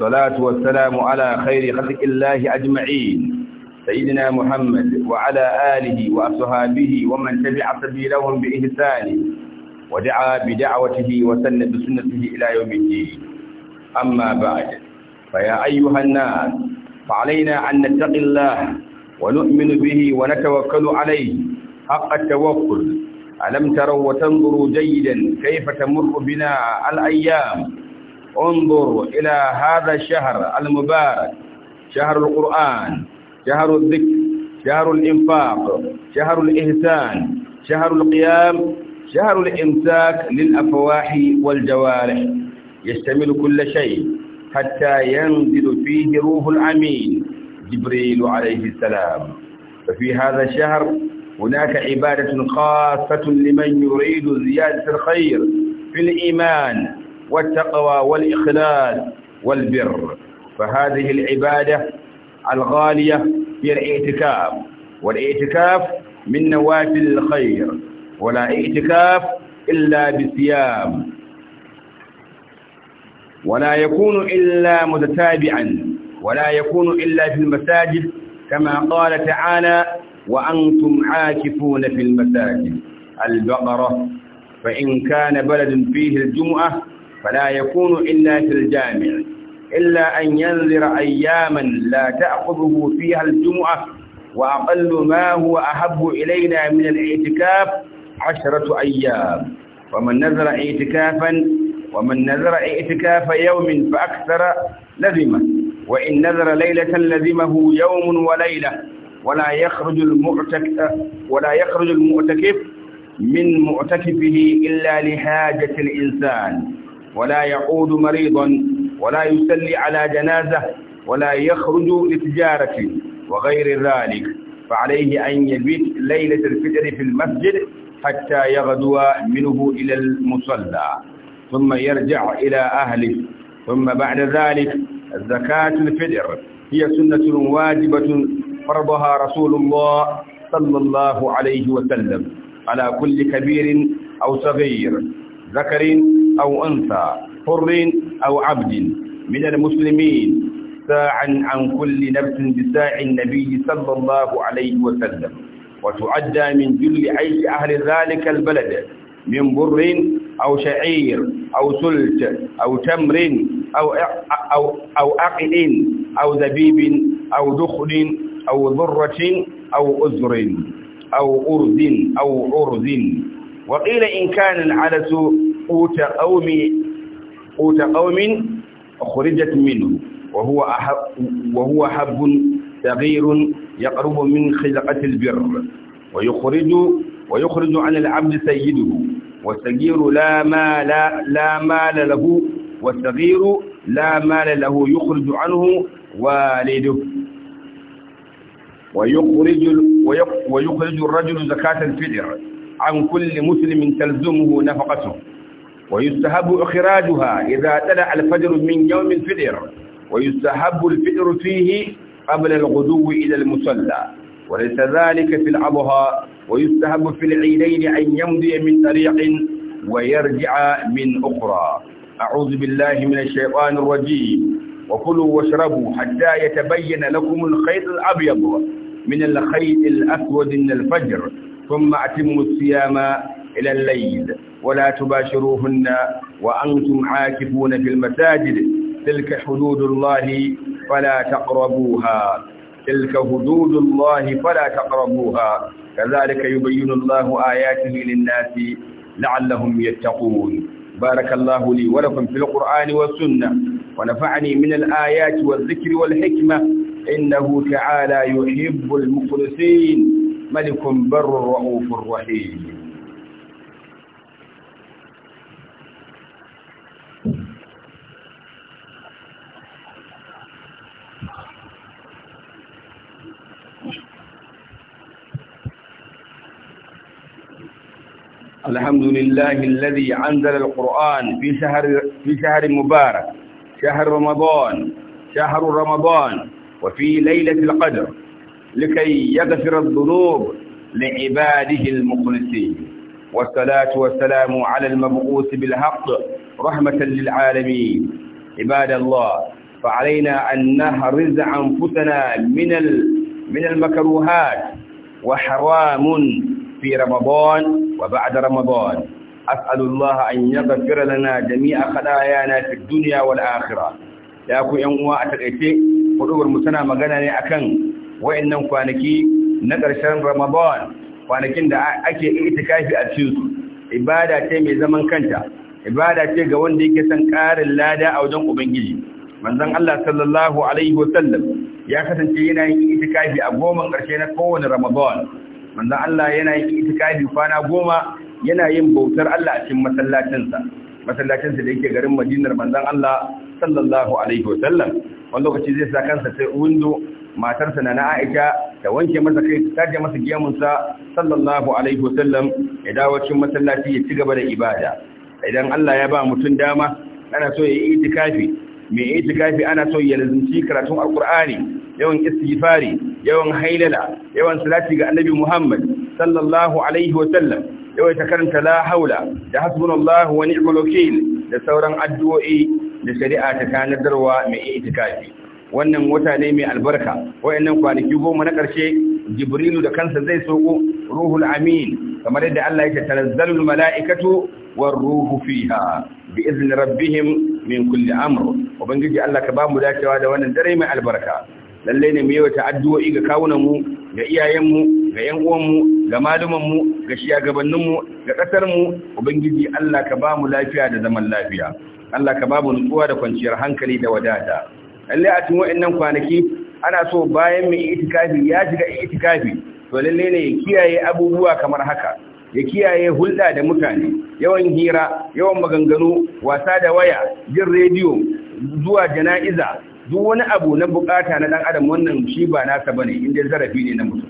والصلاة والسلام على خير خلق الله أجمعين سيدنا محمد وعلى آله وأصحابه ومن تبع سبيلهم بإحسان ودعا بدعوته وسن بسنته إلى يوم الدين أما بعد فيا أيها الناس فعلينا أن نتقي الله ونؤمن به ونتوكل عليه حق التوكل ألم تروا وتنظروا جيدا كيف تمر بنا الأيام انظروا إلى هذا الشهر المبارك شهر القرآن شهر الذكر شهر الإنفاق شهر الإهتان شهر القيام شهر الإمساك للأفواح والجوارح يشتمل كل شيء حتى ينزل فيه روح الأمين جبريل عليه السلام ففي هذا الشهر هناك عبادة خاصة لمن يريد زيادة الخير في الإيمان والتقوى والإخلاص والبر فهذه العبادة الغالية هي الاعتكاف والاعتكاف من نوافل الخير ولا اعتكاف إلا بصيام ولا يكون إلا متتابعا ولا يكون إلا في المساجد كما قال تعالى وأنتم عاكفون في المساجد البقرة فإن كان بلد فيه الجمعة فلا يكون إلا في الجامع إلا أن ينذر أياما لا تأخذه فيها الجمعة وأقل ما هو أحب إلينا من الاعتكاف عشرة أيام ومن نذر اعتكافا ومن نذر اعتكاف يوم فأكثر لزمه وإن نذر ليلة لزمه يوم وليلة ولا يخرج المعتكف ولا يخرج المعتكف من معتكفه إلا لحاجة الإنسان ولا يعود مريضا ولا يسلي على جنازة ولا يخرج لتجارة وغير ذلك فعليه أن يبيت ليلة الفجر في المسجد حتى يغدو منه إلى المصلى ثم يرجع إلى أهله ثم بعد ذلك زكاة الفجر هي سنة واجبة فرضها رسول الله صلى الله عليه وسلم على كل كبير أو صغير ذكر أو أنثى حر أو عبد من المسلمين ساعا عن كل نفس بساع النبي صلى الله عليه وسلم وتعدى من جل عيش أهل ذلك البلد من بر أو شعير أو سلت أو تمر أو أو أو أقل أو زبيب أو دخل أو ذرة أو أزر أو أرز أو عرز وقيل إن كان العدس قوت قوم قوت قوم خرجت منه وهو أحب وهو حب صغير يقرب من خلقة البر ويخرج ويخرج عن العبد سيده والصغير لا مال لا مال له والصغير لا مال له يخرج عنه والده ويخرج ويخرج الرجل زكاة الفدر عن كل مسلم تلزمه نفقته ويستحب إخراجها إذا طلع الفجر من يوم الفطر ويستحب الفطر فيه قبل الغدو إلى المصلى وليس ذلك في الأضحى ويستحب في العيدين أن يمضي من طريق ويرجع من أخرى أعوذ بالله من الشيطان الرجيم وكلوا واشربوا حتى يتبين لكم الخيط الأبيض من الخيط الأسود من الفجر ثم أتموا الصيام إلى الليل ولا تباشروهن وأنتم عاكفون في المساجد تلك حدود الله فلا تقربوها تلك حدود الله فلا تقربوها كذلك يبين الله آياته للناس لعلهم يتقون بارك الله لي ولكم في القرآن والسنة ونفعني من الآيات والذكر والحكمة إنه تعالى يحب المخلصين ملك بر رؤوف رحيم الحمد لله الذي أنزل القرآن في شهر في شهر مبارك شهر رمضان شهر رمضان وفي ليلة القدر لكي يغفر الذنوب لعباده المخلصين والصلاة والسلام على المبعوث بالحق رحمة للعالمين عباد الله فعلينا أن نحرز أنفسنا من من المكروهات وحرام في رمضان وبعد رمضان أسأل الله أن يغفر لنا جميع خطايانا في الدنيا والآخرة ya ku ‘yan uwa a taƙaice, hudubar tana magana ne a akan wa'annan kwanaki na ƙarshen Ramadan, kwanakin da ake itikafi a cikinsu, ibada ce mai zaman kanta, ibada ce ga wanda yake son ƙarin lada a wajen Ubangiji. Manzon Allah sallallahu Alaihi wasallam ya kasance yana yin itikafi a goma ƙarshe na kowane Ramadan, manzon Allah yana yin itikafi kwana goma yana yin bautar Allah a cikin masallacinsa masallacinsa da yake garin Madinar manzan Allah sallallahu alaihi sallam, wani lokaci zai sa kansa sai windo matarsa na Aisha ta wanke masa kai ta taje masa giyamunsa sallallahu alaihi sallam, ya dawo cikin masallaci ya ci gaba da ibada idan Allah ya ba mutum dama ana so ya yi itikafi mai itikafi ana so ya lazimci karatun alkur'ani yawan istighfari yawan hailala yawan salati ga annabi Muhammad sallallahu alaihi wa sallam yawan ta karanta la haula da hasbunallahu wa ni'mal wakeel da sauran addu'o'i da shari'a ta kanadarwa mai itikafi wannan wata ne mai albarka wayannan kwanaki goma na ƙarshe jibrilu da kansa zai soko ruhul amin kamar yadda Allah yake tanazzalul mala'ikatu war ruhu fiha bi izni rabbihim min kulli amr ubangiji Allah ka ba mu dacewa da wannan dare mai albarka lalle ne mu yi wata addu'o'i ga kawunanmu ga mu. ga yan uwanmu ga mu. ga mu. ga ƙasarmu ubangiji Allah ka ba mu lafiya da zaman lafiya Allah ka ba mu nutsuwa da kwanciyar hankali da wadata lalle a cikin wa'annan kwanaki ana so bayan mai itikafi ya shiga itikafi to lalle ne ya kiyaye abubuwa kamar haka ya kiyaye hulɗa da mutane yawan hira yawan maganganu wasa da waya jin rediyo zuwa jana'iza duk wani abu na bukata na dan adam wannan shi ba nasa bane inda zarafi ne na mutum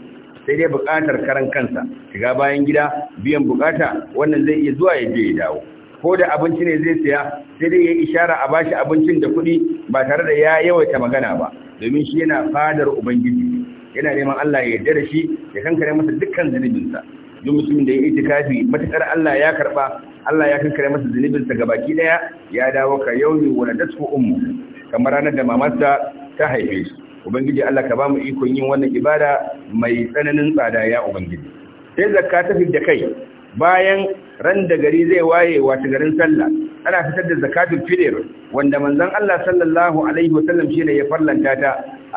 sai dai bukatar karan kansa shiga bayan gida biyan bukata wannan zai iya zuwa ya je ya dawo ko da abinci ne zai saya sai dai ya ishara a bashi abincin da kuɗi ba tare da ya yawaita magana ba domin shi yana fadar ubangiji yana neman Allah ya yarda da shi ya kankare masa dukkan zunubinsa duk mutumin da ya yi itikafi matakar Allah ya karba Allah ya kankare masa zunubinsa gabaki daya ya dawo ka yaumi waladatu ummu kamar ranar da mamarsa ta haife shi ubangiji Allah ka bamu ikon yin wannan ibada mai tsananin tsada ya ubangiji sai zakka ta da kai bayan ran da gari zai waye wato garin sallah ana fitar da zakatul fitr wanda manzon Allah sallallahu alaihi wasallam shine ya farlanta ta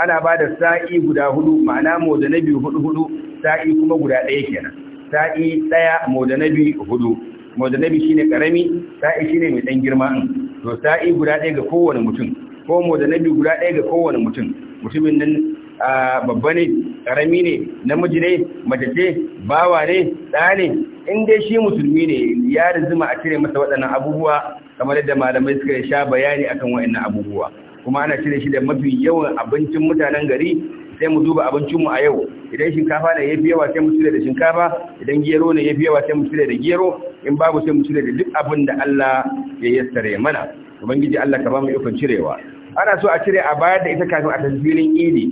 ana da sa'i guda hudu ma'ana modanabi hudu hudu sa'i kuma guda daya kenan sa'i daya modanabi hudu shi shine karami sa'i shine mai ɗan girma to sa'i guda ɗaya ga kowane mutum ko mudanabi guda ɗaya ga kowane mutum mutumin nan babba ne karami ne namiji ne matace bawa ne ɗane in dai shi musulmi ne ya rizuma a cire masa waɗannan abubuwa kamar yadda malamai suka sha bayani akan waɗannan abubuwa kuma ana cire shi da mafi yawan abincin mutanen gari sai mu duba abincinmu a yau idan shinkafa ne yafi fi yawa sai mu cire da shinkafa idan gero ne yafi fi yawa sai mu cire da gero in babu sai mu cire da duk abin da Allah ya yassare mana ubangiji Allah ka ba mu ikon cirewa ana so a cire a bayar da ita kafin a tasbirin idi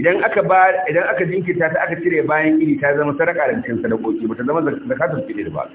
idan aka ba idan aka jinkirta ta aka cire bayan idi ta zama sadaka da cikin sadakoki ba ta zama zakatun fitr ba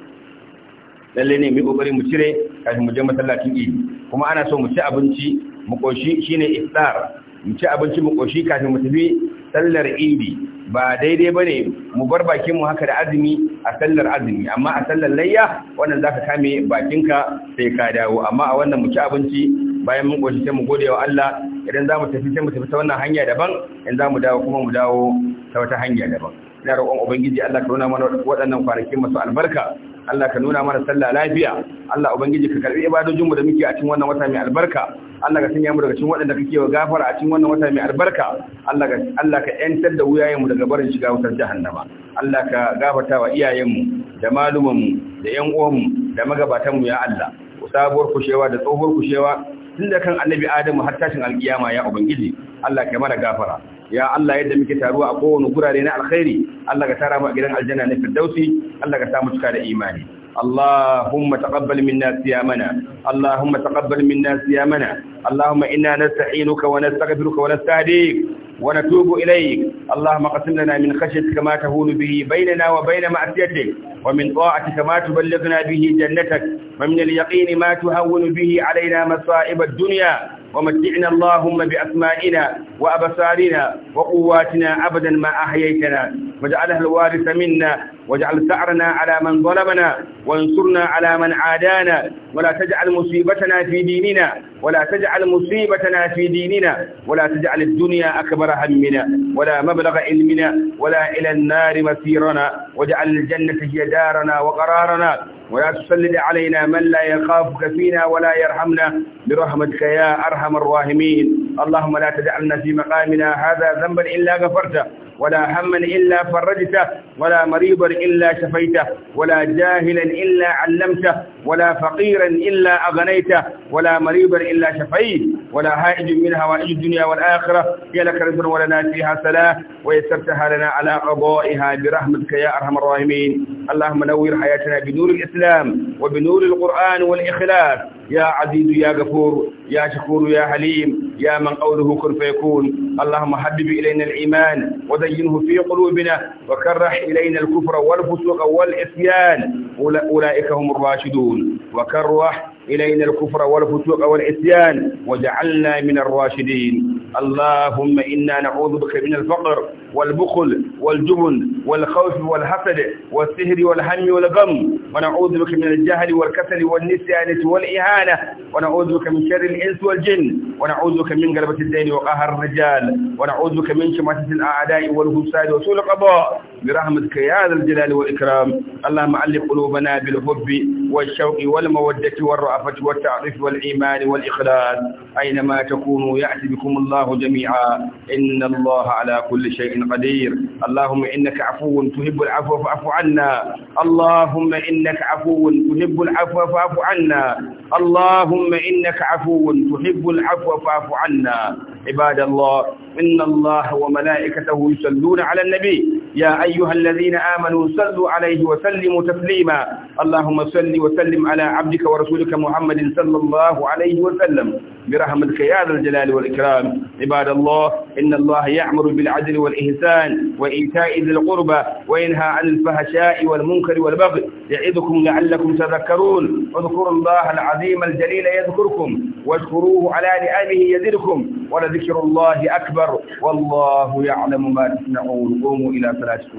lalle ne mu kokari mu cire kafin mu je masallacin idi kuma ana so mu ci abinci mu koshi shine iftar mu ci abinci mu koshi kafin mu tafi sallar indi ba daidai ba ne mu bar bakin mu haka da azumi a sallar azumi amma a sallar layya wannan zaka kame bakinka sai ka dawo amma a wannan mu abinci bayan mun goshi sai mu gode wa Allah idan zamu tafi sai mu tafi ta wannan hanya daban idan zamu dawo kuma mu dawo ta wata hanya daban ina roƙon ubangiji Allah ka nuna mana waɗannan kwanaki masu albarka Allah ka nuna mana sallah lafiya Allah ubangiji ka karbi ibadojinmu da muke a cikin wannan wata mai albarka Allah ka sanya mu daga cikin waɗanda kake wa gafara a cikin wannan wata mai albarka Allah ka Allah ka yantar da wuyayenmu daga barin shiga wutar jahannama Allah ka gafarta wa iyayenmu da malumanmu da yan uwanmu da magabatanmu ya Allah sabuwar kushewa da tsohuwar kushewa tun da kan annabi Adamu har tashin alkiyama ya ubangiji Allah ka mana gafara ya Allah yadda muke taruwa a kowane gurare na alkhairi Allah ka tara mu a gidan aljanna na firdausi Allah ka sa mu cika da imani اللهم تقبل منا صيامنا اللهم تقبل منا صيامنا اللهم إنا نستعينك ونستغفرك ونستهديك ونتوب إليك اللهم اقسم لنا من خشيتك ما تهون به بيننا وبين معصيتك ومن طاعتك ما تبلغنا به جنتك ومن اليقين ما تهون به علينا مصائب الدنيا ومتعنا اللهم بأسمائنا وأبصارنا وقواتنا أبدا ما أحييتنا واجعله الوارث منا واجعل ثأرنا على من ظلمنا وانصرنا على من عادانا ولا تجعل مصيبتنا في ديننا ولا تجعل مصيبتنا في ديننا ولا تجعل الدنيا أكبر همنا ولا مبلغ علمنا ولا إلى النار مسيرنا واجعل الجنة هي دارنا وقرارنا ولا تسلل علينا من لا يخافك فينا ولا يرحمنا برحمتك يا أرحم الراحمين اللهم لا تجعلنا في مقامنا هذا ذنبا إلا غفرته ولا هما إلا فرجته ولا مريضا إلا شفيته ولا جاهلا إلا علمته ولا فقيرا إلا أغنيته ولا مريضا إلا شفيت ولا هائج من هوائج الدنيا والآخرة يا لك رب ولنا فيها سلاة ويسرتها لنا على قضائها برحمتك يا أرحم الراحمين اللهم نور حياتنا بنور الإسلام وبنور القرآن والإخلاص يا عزيز يا غفور يا شكور يا حليم يا من قوله كن فيكون اللهم حبب إلينا الإيمان وزينه في قلوبنا وكره إلينا الكفر والفسوق والعصيان أولئك هم الراشدون وكره إلينا الكفر والفسوق والعصيان وجعلنا من الراشدين اللهم إنا نعوذ بك من الفقر والبخل والجبن والخوف والحسد والسهر والهم والغم ونعوذ بك من الجهل والكسل والنسيان والإهانة ونعوذ بك من شر الإنس والجن ونعوذ بك من غلبة الدين وقهر الرجال ونعوذ بك من شماتة الأعداء والفساد وسوء القضاء برحمتك يا ذا الجلال والإكرام اللهم علق قلوبنا بالحب والشوق والمودة والرأفة والتعرف والإيمان والإخلاص أينما تكونوا يأتي بكم الله جميعا إن الله على كل شيء قدير اللهم إنك عفو تحب العفو فاعف عنا اللهم إنك عفو تحب العفو فاعف عنا اللهم إنك عفو تحب العفو فاعف عنا عباد الله إن الله وملائكته يصلون على النبي يا أيها الذين آمنوا صلوا عليه وسلموا تسليما اللهم صل وسلم على عبدك ورسولك محمد صلى الله عليه وسلم برحمتك يا ذا الجلال والإكرام عباد الله إن الله يعمر بالعدل والإحسان وإيتاء ذي القربى وينهى عن الفحشاء والمنكر والبغي يعظكم لعلكم تذكرون اذكروا الله العظيم الجليل يذكركم واشكروه على نعمه يزدكم ولذكر الله أكبر والله يعلم ما تصنعون قوموا إلى صلاتكم